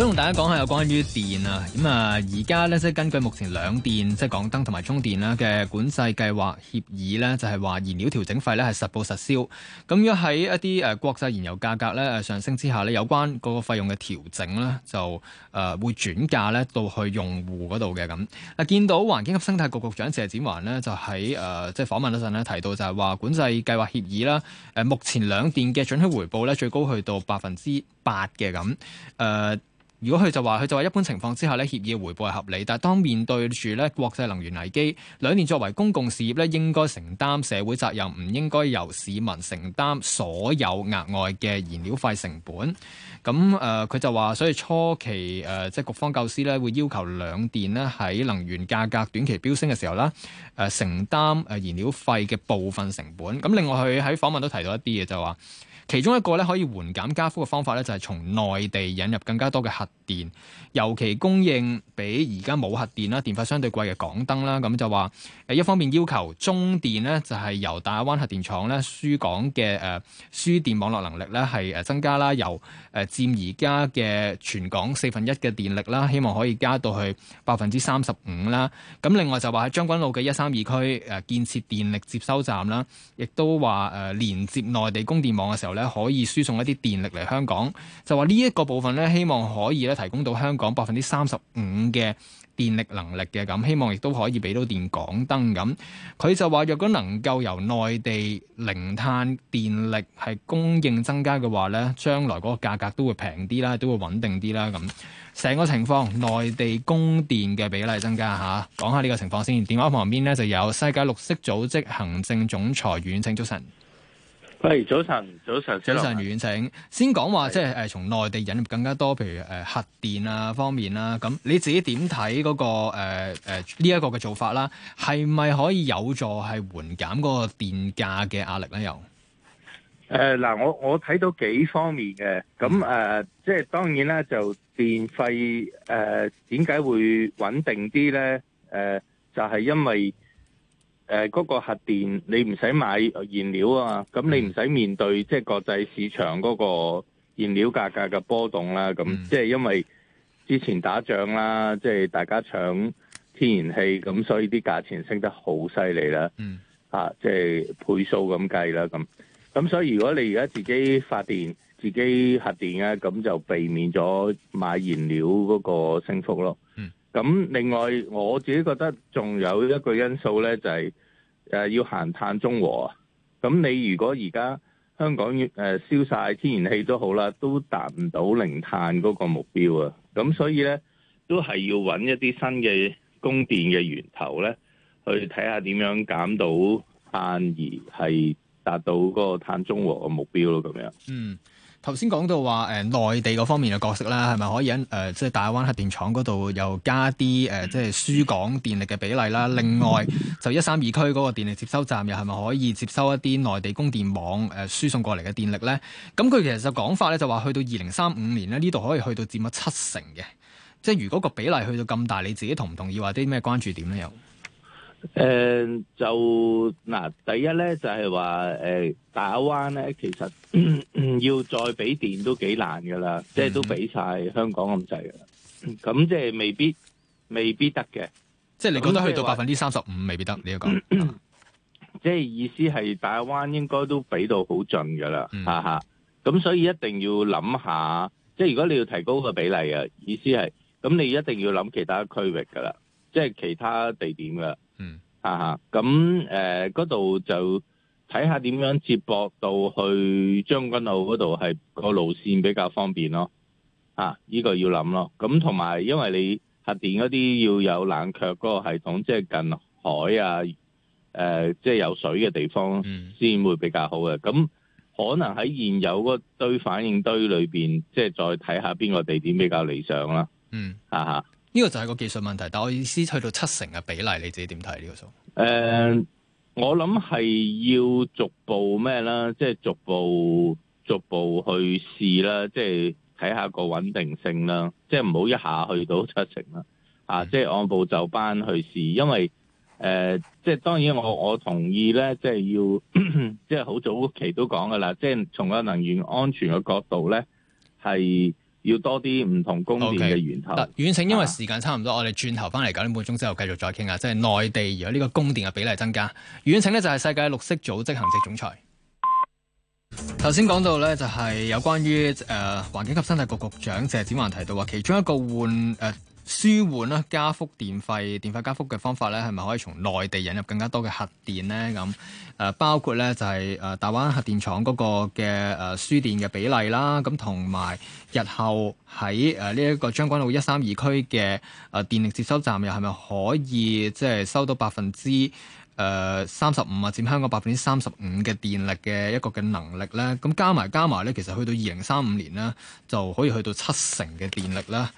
想同大家講下有關於電啊，咁啊而家咧即係根據目前兩電即係港燈同埋中電啦嘅管制計劃協議咧，就係話燃料調整費咧係實報實銷。咁樣，喺一啲誒國際燃油價格咧誒上升之下咧，有關嗰個費用嘅調整咧就誒會轉嫁咧到去用戶嗰度嘅咁。嗱，見到環境及生態局局長謝展寰呢，就喺誒即係訪問嗰陣呢，提到就係話管制計劃協議啦，誒目前兩電嘅準許回報咧最高去到百分之八嘅咁誒。呃如果佢就話，佢就話一般情況之下呢協議回報係合理，但係當面對住呢國際能源危機，兩電作為公共事業呢應該承擔社會責任，唔應該由市民承擔所有額外嘅燃料費成本。咁誒，佢、呃、就話，所以初期誒、呃，即係局方教師呢會要求兩電呢喺能源價格短期飆升嘅時候啦，誒、呃、承擔燃料費嘅部分成本。咁另外佢喺訪問都提到一啲嘢，就話其中一個呢可以緩減加幅嘅方法呢，就係從內地引入更加多嘅核電尤其供應比而家冇核電啦、電費相對貴嘅港燈啦，咁就話誒，一方面要求中電呢，就係由大亞灣核電廠咧輸港嘅誒輸電網絡能力咧係誒增加啦，由誒佔而家嘅全港四分一嘅電力啦，希望可以加到去百分之三十五啦。咁另外就話將軍澳嘅一三二區誒建設電力接收站啦，亦都話誒連接內地供電網嘅時候咧，可以輸送一啲電力嚟香港。就話呢一個部分咧，希望可以。提供到香港百分之三十五嘅電力能力嘅，咁希望亦都可以俾到電港燈咁。佢就話若果能夠由內地零碳電力係供應增加嘅話咧，將來嗰個價格都會平啲啦，都會穩定啲啦咁。成個情況，內地供電嘅比例增加吓，講下呢個情況先。電話旁邊咧就有世界綠色組織行政總裁余遠騁，早晨。係早晨，早晨，早晨完，余遠騁。先講話，即係誒，從、呃、內地引入更加多，譬如誒、呃、核電啊方面啦、啊。咁你自己點睇嗰個誒誒呢一個嘅做法啦、啊？係咪可以有助係緩減嗰個電價嘅壓力咧？又誒，嗱，我我睇到幾方面嘅，咁誒、嗯呃，即係當然啦就電費誒點解會穩定啲咧？誒、呃，就係、是、因為。誒、呃、嗰、嗰個核電，你唔使買燃料啊，咁你唔使面對即係、嗯就是、國際市場嗰個燃料價格嘅波動啦、啊。咁即係因為之前打仗啦，即、就、係、是、大家搶天然氣，咁所以啲價錢升得好犀利啦。嗯。即、啊、係、就是、倍數咁計啦。咁咁所以如果你而家自己發電、自己核電啊咁就避免咗買燃料嗰個升幅咯。嗯。咁另外我自己覺得仲有一個因素咧，就係誒要行碳中和啊。咁你如果而家香港誒燒曬天然氣都好啦，都達唔到零碳嗰個目標啊。咁所以咧，都係要揾一啲新嘅供電嘅源頭咧，去睇下點樣減到碳，而係達到嗰個碳中和嘅目標咯。咁樣嗯。頭先講到話誒內地嗰方面嘅角色啦，係咪可以喺誒即係大亞灣核電廠嗰度又加啲誒即係輸港電力嘅比例啦？另外就一三二區嗰個電力接收站又係咪可以接收一啲內地供電網誒輸送過嚟嘅電力咧？咁佢其實說就講法咧，就話去到二零三五年咧，呢度可以去到佔咗七成嘅，即係如果個比例去到咁大，你自己同唔同意？話啲咩關注點咧又？誒、呃，就，嗱，第一咧，就係話誒，大亞灣咧，其實咳咳要再俾電都幾難噶啦、嗯，即係都俾晒香港咁滯啦，咁即係未必未必得嘅。即係你覺得去到百分之三十五未必得，你一講，即係意思係大亞灣應該都俾到好盡噶啦、嗯，哈哈，咁所以一定要諗下，即係如果你要提高個比例啊，意思係，咁你一定要諗其他區域噶啦，即係其他地點噶。嗯，吓吓咁誒，嗰度就睇下點樣接駁到去將軍澳嗰度係個路線比較方便咯，啊，呢個要諗咯。咁同埋，因為你核電嗰啲要有冷卻嗰個系統，即係近海啊，誒，即係有水嘅地方先會比較好嘅。咁可能喺現有嗰堆反應堆裏邊，即係再睇下邊個地點比較理想啦。嗯，吓吓呢、這個就係個技術問題，但我意思去到七成嘅比例，你自己點睇呢個數？誒、呃，我諗係要逐步咩啦，即、就、係、是、逐步逐步去試啦，即係睇下個穩定性啦，即係唔好一下去到七成啦，嗯、啊，即、就、係、是、按部就班去試，因為，誒、即、呃、係、就是、當然我我同意咧，即、就、係、是、要即係好早期都講噶啦，即、就、係、是、從個能源安全嘅角度咧係。是要多啲唔同供電嘅源頭。Okay. 遠騁，因為時間差唔多，啊、我哋轉頭翻嚟九點半鐘之後繼續再傾下，即係內地而家呢個供電嘅比例增加。遠騁呢就係、是、世界綠色組織行政總裁。頭先講到咧就係、是、有關於誒、呃、環境及生態局局長謝展寰提到話，其中一個換誒。呃舒緩啦，加幅電費，電費加幅嘅方法咧，係咪可以從內地引入更加多嘅核電呢？咁誒，包括咧就係誒大灣核電廠嗰個嘅誒輸電嘅比例啦。咁同埋，日後喺誒呢一個將軍澳一三二區嘅誒電力接收站，又係咪可以即係收到百分之誒三十五啊，佔香港百分之三十五嘅電力嘅一個嘅能力咧？咁加埋加埋咧，其實去到二零三五年呢，就可以去到七成嘅電力啦。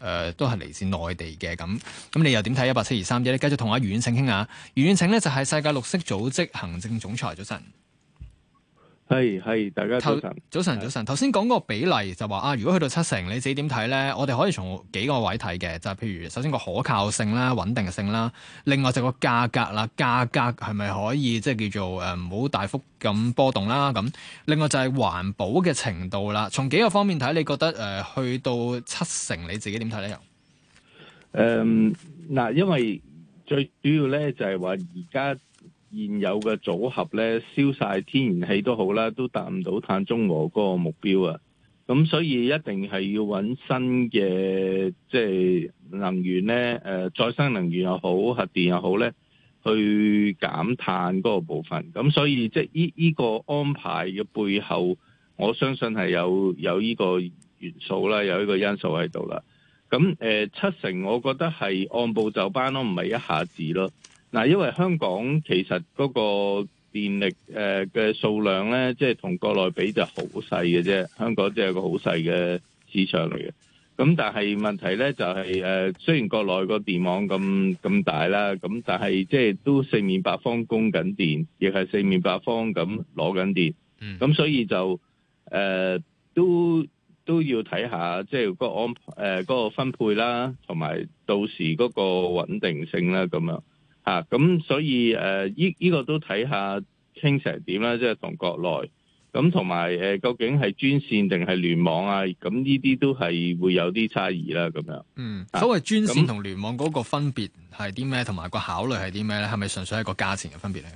誒、呃、都係嚟自內地嘅，咁，咁你又點睇一百七十二三啲咧？繼續同阿余遠騁傾下，余遠騁呢，就係世界綠色組織行政總裁，早晨。係係，大家早晨，早晨，早晨。頭先講個比例就話啊，如果去到七成，你自己點睇咧？我哋可以從幾個位睇嘅，就係、是、譬如首先個可靠性啦、穩定性啦，另外就個價格啦，價格係咪可以即係、就是、叫做誒唔好大幅咁波動啦？咁另外就係環保嘅程度啦。從幾個方面睇，你覺得誒、呃、去到七成，你自己點睇咧？又誒，嗱，因為最主要咧就係話而家。現有嘅組合咧，燒晒天然氣都好啦，都達唔到碳中和嗰個目標啊！咁所以一定係要揾新嘅即係能源咧，誒、呃，再生能源又好，核電又好咧，去減碳嗰個部分。咁所以即係呢呢個安排嘅背後，我相信係有有呢個元素啦，有呢個因素喺度啦。咁誒、呃，七成我覺得係按部就班咯，唔係一下子咯。嗱，因為香港其實嗰個電力誒嘅數量咧，即係同國內比就好細嘅啫。香港即係一個好細嘅市場嚟嘅。咁但係問題咧就係、是、誒，雖然國內個電網咁咁大啦，咁但係即係都四面八方供緊電，亦係四面八方咁攞緊電。咁所以就誒、呃、都都要睇下，即係個安誒、呃那個分配啦，同埋到時嗰個穩定性啦，咁樣。啊，咁所以誒，依、呃呢個都睇下傾成點啦，即係同國內，咁同埋誒，究竟係專線定係聯網啊？咁呢啲都係會有啲差異啦，咁樣。嗯、啊，所謂專線同、嗯、聯網嗰個分別係啲咩？同埋個考慮係啲咩咧？係咪純粹係個價錢嘅分別嚟？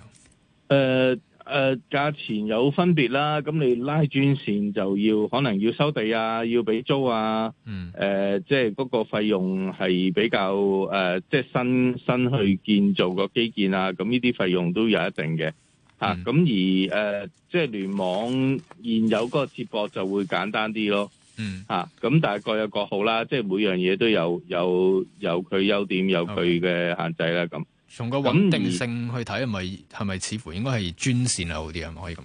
呃誒、呃、價錢有分別啦，咁你拉轉線就要可能要收地啊，要俾租啊，嗯呃、即係嗰個費用係比較、呃、即係新新去建造個基建啊，咁呢啲費用都有一定嘅嚇。咁、啊嗯、而誒、呃、即係聯網現有個接駁就會簡單啲咯嚇。咁、嗯啊、但係各有各好啦，即係每樣嘢都有有有佢優點，有佢嘅限制啦咁。Okay. 從個穩定性去睇，係咪係咪似乎應該係專線係好啲啊？可以咁講？誒、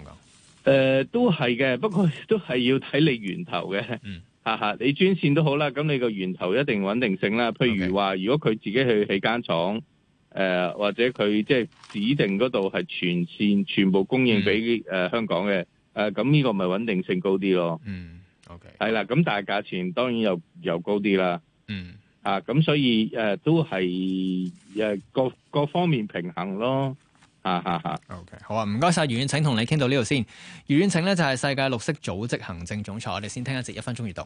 呃，都係嘅，不過都係要睇你源頭嘅。嗯，吓吓，你專線都好啦，咁你個源頭一定穩定性啦。譬如話，okay. 如果佢自己去起間廠，誒、呃、或者佢即係指定嗰度係全線全部供應俾誒、嗯呃、香港嘅，誒咁呢個咪穩定性高啲咯？嗯，OK，係啦，咁但係價錢當然又又高啲啦。嗯。啊，咁所以誒、呃、都係誒、呃、各各方面平衡咯，吓吓吓 OK 好啊，唔該晒，余遠騁同你傾到呢度先。余遠騁咧就係世界綠色組織行政總裁，我哋先聽一節一分鐘閱讀。